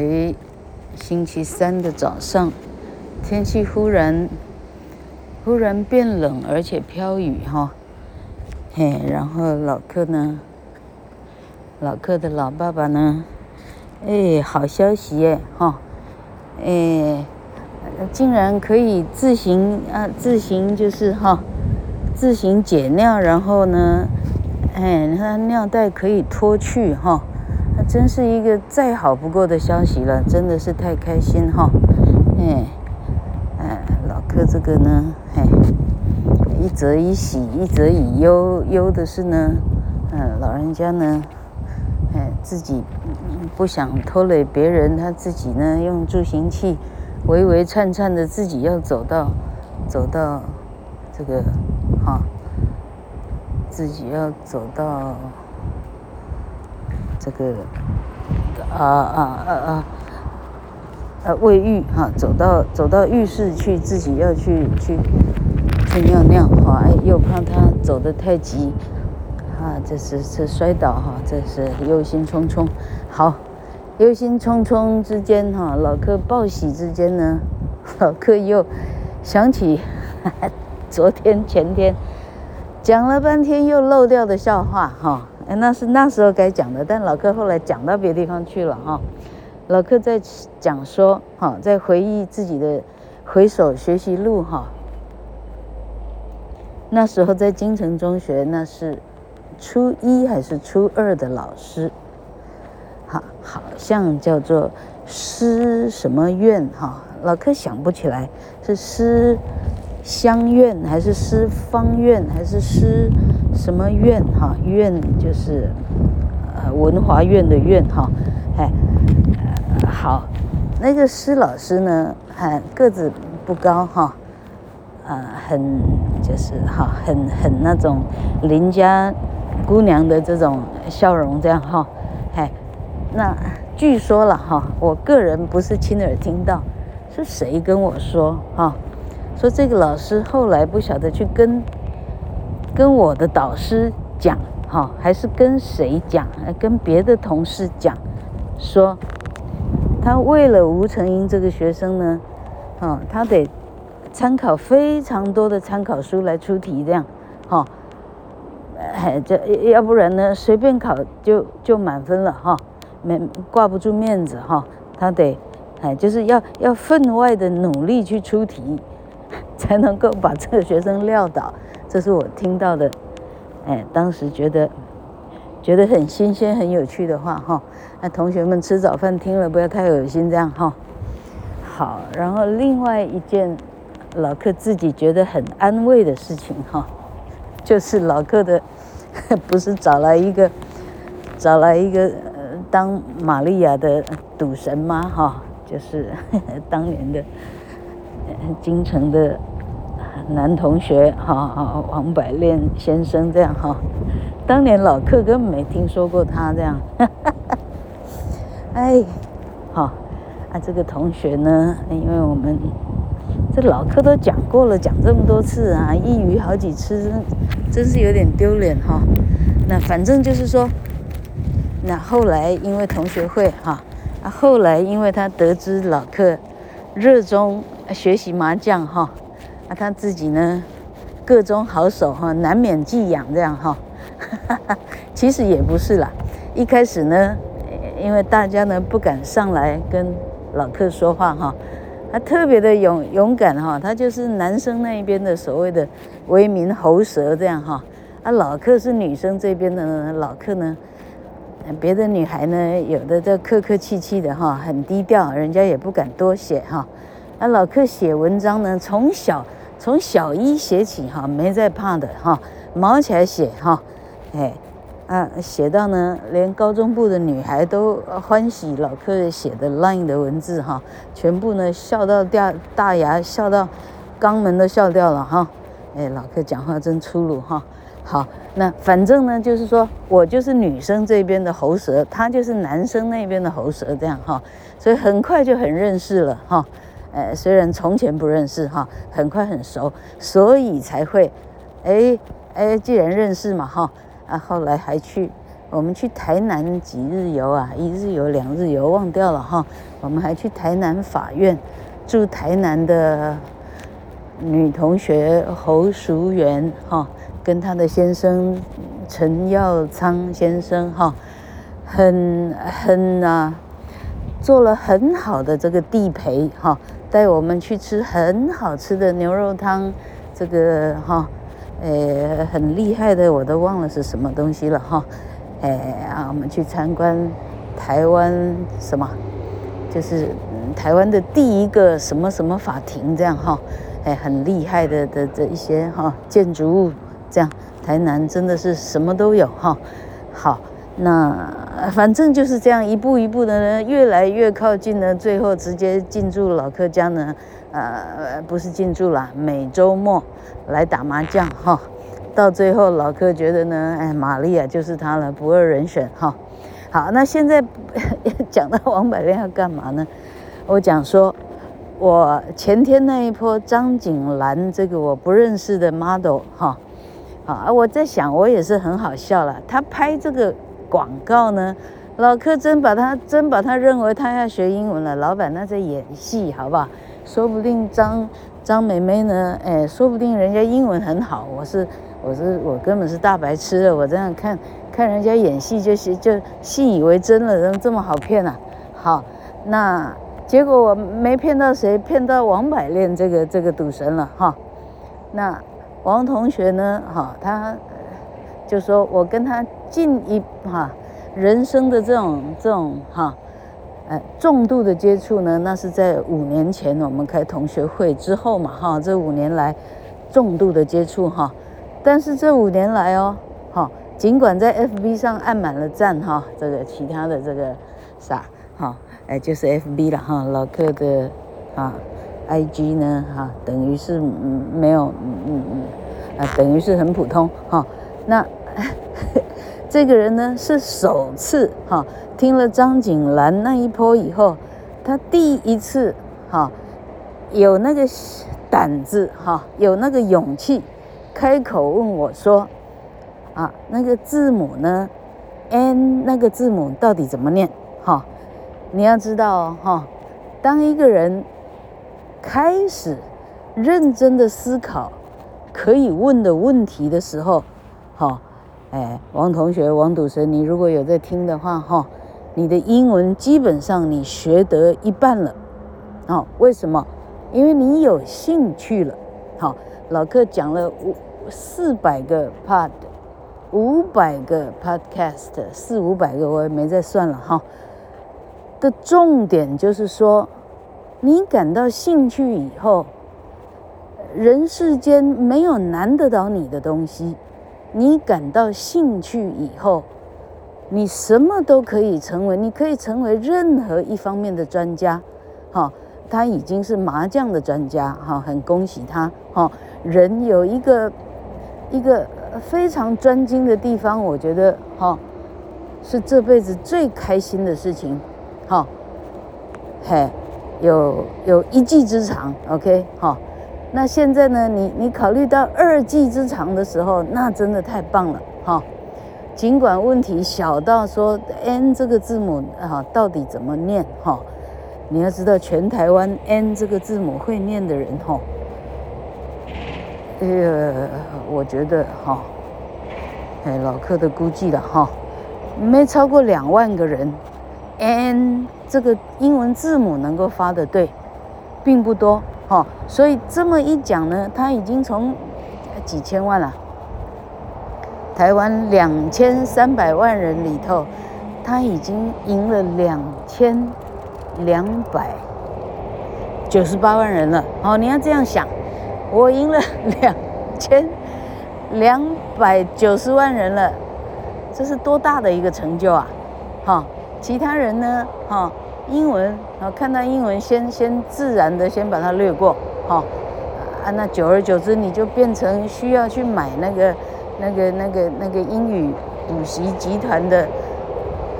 哎，星期三的早上，天氣忽然忽然變冷，而且飄雨哈。嘿，然後老客呢，老客的老爸爸呢，哎，好消息耶哈，哎，竟然可以自行啊，自行就是哈，自行解尿，然後呢，哎，他尿袋可以脫去哈。真是一個再好不過的消息了，真的是太開心哈、哦！哎哎，老柯這個呢，哎，一則以喜，一則以憂。憂的是呢，嗯、呃，老人家呢，哎，自己不想拖累別人，他自己呢用助行器，唯唯顫顫的自己要走到，走到這個，哈、哦，自己要走到。這個，啊啊啊啊，啊衛浴哈，走到走到浴室去，自己要去去去尿尿哈，哎、啊，又怕他走得太急，哈、啊，這是這是摔倒哈、啊，這是憂心忡忡。好，憂心忡忡之間哈、啊，老客報喜之間呢，老客又想起昨天前天講了半天又漏掉的笑話哈。啊哎，那是那時候該講的，但老柯後來講到別的地方去了哈。老柯在講說，哈，在回憶自己的回首學習路哈。那時候在京城中學，那是初一還是初二的老師？哈，好像叫做師什麼院哈，老柯想不起來是師鄉院還是師方院還是師。什麼院哈？院就是，呃，文華院的院哈。哎，好，那個施老師呢？還個子不高哈，啊，很就是哈，很很那種鄰家姑娘的這種笑容，這樣哈。哎，那據說了哈，我個人不是親耳聽到，是誰跟我說哈？說這個老師後來不曉得去跟。跟我的導師講，哈，還是跟誰講？跟別的同事講，說，他為了吳成英這個學生呢，嗯，他得參考非常多的參考書來出題，這樣，哈，哎，這要不然呢，隨便考就就滿分了，哈，沒掛不住面子，哈，他得，哎，就是要要分外的努力去出題，才能夠把這個學生撂倒。這是我聽到的。哎，當時覺得覺得很新鮮、很有趣的話哈。那，哦，同學們吃早飯聽了不要太噁心，這樣哈、哦。好，然後另外一件老克自己覺得很安慰的事情哈、哦，就是老克的不是找來一個找來一個當瑪利亞的賭神嗎？哈、哦，就是呵呵當年的京城的男同學，哈，王百煉先生這樣哈，當年老客根本沒聽說過他這樣， 哎，哈，啊，這個同學呢，因為我們這老客都講過了，講這麼多次啊，一語好幾次，真是有點丟臉哈。那反正就是說，那後來因為同學會哈，啊，後來因為他得知老客熱衷學習麻將哈。那他自己呢，各種好手哈，難免寄養這樣哈，其實也不是啦。一開始呢，因為大家呢不敢上來跟老客說話哈，他特別的勇勇敢哈，他就是男生那一邊的所謂的威名喉舌這樣哈。那老客是女生這邊的老客呢，別的女孩呢有的都客客氣氣的哈，很低調，人家也不敢多寫哈。那老客寫文章呢從小。從小一寫起哈，沒在怕的哈，毛起來寫哈，哎，啊，寫到呢，連高中部的女孩都歡喜老柯寫的 line 的文字哈，全部呢笑到掉大牙，笑到肛門都笑掉了哈，哎，老柯講話真粗魯哈，好，那反正呢就是說我就是女生這邊的喉舌，他就是男生那邊的喉舌這樣哈，所以很快就很認識了哈。呃，雖然從前不認識哈，很快很熟，所以才會，誒誒。既然認識嘛哈，啊，後來還去我們去台南幾日遊啊，一日遊兩日遊忘掉了哈，我們還去台南法院，住台南的女同學侯淑媛哈，跟她的先生陳耀昌先生哈，很很啊，做了很好的這個地陪哈。帶我們去吃很好吃的牛肉湯，這個哈、哦，誒，很厲害的，我都忘了是什麼東西了哈、哦，誒，啊，我們去參觀台灣什麼，就是、嗯、台灣的第一個什麼什麼法庭這樣哈，哎、哦，很厲害的的、的這一些哈、哦、建築物，這樣台南真的是什麼都有哈、哦，好。那反正就是這樣，一步一步的，呢，越來越靠近呢，最後直接進駐老柯家呢。呃，不是進駐了，每周末來打麻將哈、哦。到最後老柯覺得呢，哎，瑪麗亞就是他了，不二人選哈、哦。好，那現在講到王柏亮要幹嘛呢？我講說，我前天那一波張景嵐這個我不認識的 model 哈、哦，啊，我在想我也是很好笑了，他拍這個。廣告呢？老柯真把他真把他認為他要學英文了。老闆那在演戲，好不好？說不定張張美美呢？哎，說不定人家英文很好。我是我是我根本是大白痴的。我這樣看看人家演戲就，就就信以為真了。人這麼好騙啊！好，那結果我沒騙到誰，騙到王百煉這個這個賭神了哈。那王同學呢？哈，他就說我跟他。進一步哈、啊，人生的這種這種哈、啊，呃，重度的接觸呢，那是在五年前我們開同學會之後嘛哈、啊，這五年來，重度的接觸哈、啊，但是這五年來哦哈，儘、啊、管在 FB 上按滿了贊哈、啊，這個其他的這個啥哈，哎、啊欸，就是 FB 了哈、啊，老客的啊 IG 呢哈，等於是沒有嗯嗯嗯啊，等於是，嗯嗯嗯啊、是很普通哈、啊，那。這個人呢是首次哈聽了張景蘭那一波以後，他第一次哈有那個膽子哈有那個勇氣開口問我說，啊那個字母呢 n 那個字母到底怎麼念？哈，你要知道哈，當一個人開始認真的思考可以問的問題的時候，哈。哎，王同學，王賭神，你如果有在聽的話哈、哦，你的英文基本上你學得一半了，哦，為什麼？因為你有興趣了。好、哦，老克講了五四百個 pod，五百個 podcast，四五百個我也沒再算了哈、哦。的重點就是說，你感到興趣以後，人世間沒有難得倒你的東西。你感到興趣以後，你什麼都可以成為，你可以成為任何一方面的專家，哈。他已經是麻將的專家，哈，很恭喜他，哈。人有一個一個非常專精的地方，我覺得哈，是這輩子最開心的事情，哈。嘿，有有一技之長，OK，好。那現在呢？你你考慮到二技之長的時候，那真的太棒了哈、哦！儘管問題小到說 “n” 這個字母啊、哦，到底怎麼念哈、哦？你要知道，全台灣 “n” 這個字母會念的人哈、哦，呃，我覺得哈、哦，哎，老客的估計了哈、哦，沒超過兩萬個人，“n” 這個英文字母能夠發的對，並不多。哦，所以這麼一講呢，他已經從幾千萬了、啊，台灣兩千三百萬人裡頭，他已經贏了兩千兩百九十八萬人了。哦，你要這樣想，我贏了兩千兩百九十萬人了，這是多大的一個成就啊！哈、哦，其他人呢？哈、哦。英文、哦，看到英文先，先先自然的先把它略過，哦、啊，那久而久之，你就變成需要去買那個、那個、那個、那個、那個、英語補習集團的，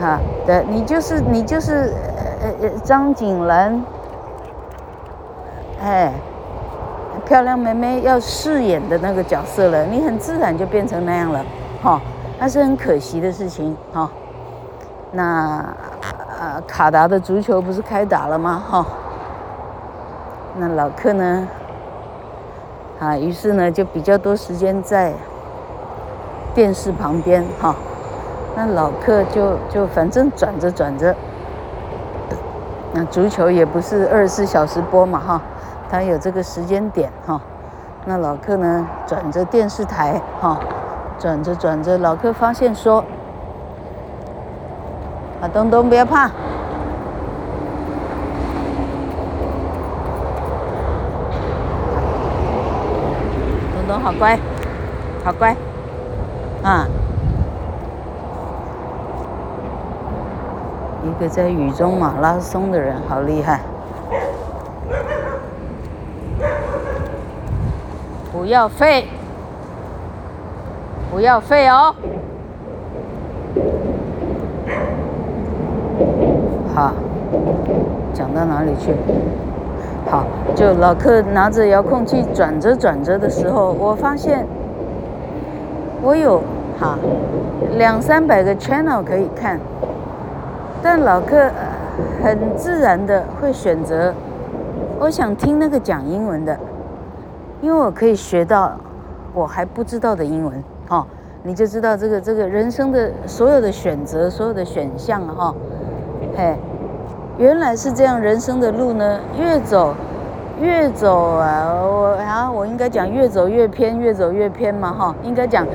哈、啊，的，你就是你就是呃呃張景嵐，哎，漂亮妹妹要飾演的那個角色了，你很自然就變成那樣了，哈、哦，那是很可惜的事情，哈、哦，那。呃、啊，卡達的足球不是開打了嗎？哈、哦，那老克呢？啊，於是呢就比較多時間在電視旁邊哈、哦。那老克就就反正轉着轉着，那足球也不是二十四小時播嘛哈，他、哦、有這個時間點哈、哦。那老克呢轉着電視台哈，轉着轉着，老克發現說。啊，東東，不要怕。東東好乖，好乖。啊！一個在雨中馬拉松的人，好厲害。不要廢，不要廢哦！講到哪裡去？好，就老客拿着遙控器轉着轉着的時候，我發現我有哈兩三百個 channel 可以看，但老客很自然地會選擇，我想聽那個講英文的，因為我可以學到我還不知道的英文，哈、哦，你就知道這個這個人生的所有的選擇，所有的選項，哈、哦，嘿。原來是這樣，人生的路呢，越走，越走啊！我啊，我應該講越走越偏，越走越偏嘛，哈！應該講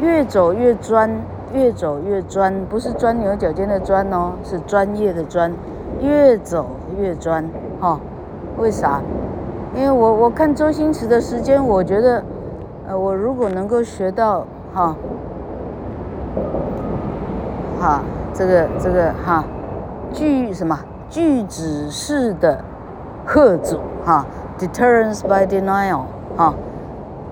越走越專，越走越專，不是鑽牛角尖的鑽哦，是專業的專，越走越專，哈！為啥？因為我我看周星馳的時間，我覺得，呃，我如果能夠學到，哈，哈，這個這個哈，具什麼？句子式的賀組哈，deterrence by denial 哈，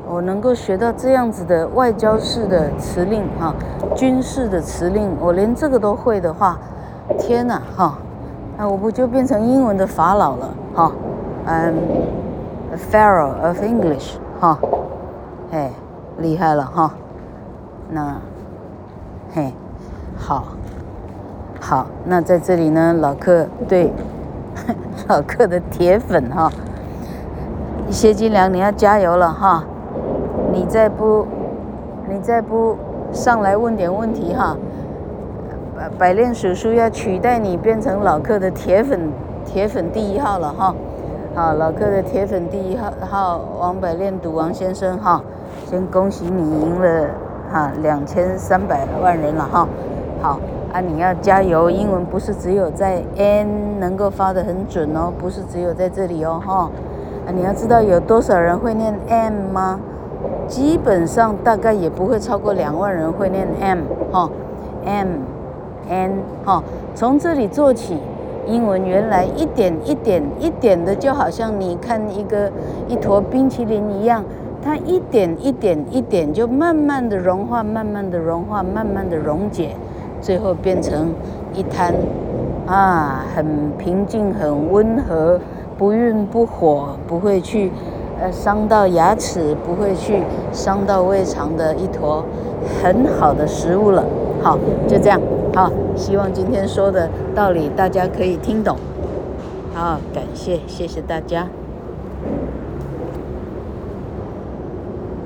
我能夠學到這樣子的外交式的辭令哈，軍事的辭令，我連這個都會的話，天哪哈，那我不就變成英文的法老了哈？I'm a Pharaoh of English 哈，哎，厲害了哈，那，嘿，好。好，那在這裡呢，老客對老客的鐵粉哈，謝金良，你要加油了哈，你再不，你再不上來問點問題哈，百煉叔叔要取代你，變成老客的鐵粉，鐵粉第一號了哈。好，老客的鐵粉第一號號王百煉賭王先生哈，先恭喜你贏了哈，兩千三百萬人了哈，好。啊，你要加油！英文不是只有在 n 能夠發得很準哦，不是只有在這裡哦，哈、哦啊。你要知道有多少人會念 M 嗎？基本上大概也不會超過兩萬人會念 M，哦。哈、哦。M，N 哈，從這裡做起。英文原來一點一點一點的，就好像你看一個一坨冰淇淋一樣，它一點一點一點就慢慢的融化，慢慢的融化，慢慢的溶解。最後變成一灘，啊，很平靜、很溫和、不慍不火，不會去，呃，傷到牙齒，不會去傷到胃腸的一坨很好的食物了。好，就這樣。好，希望今天說的道理大家可以聽懂。好，感謝謝謝大家。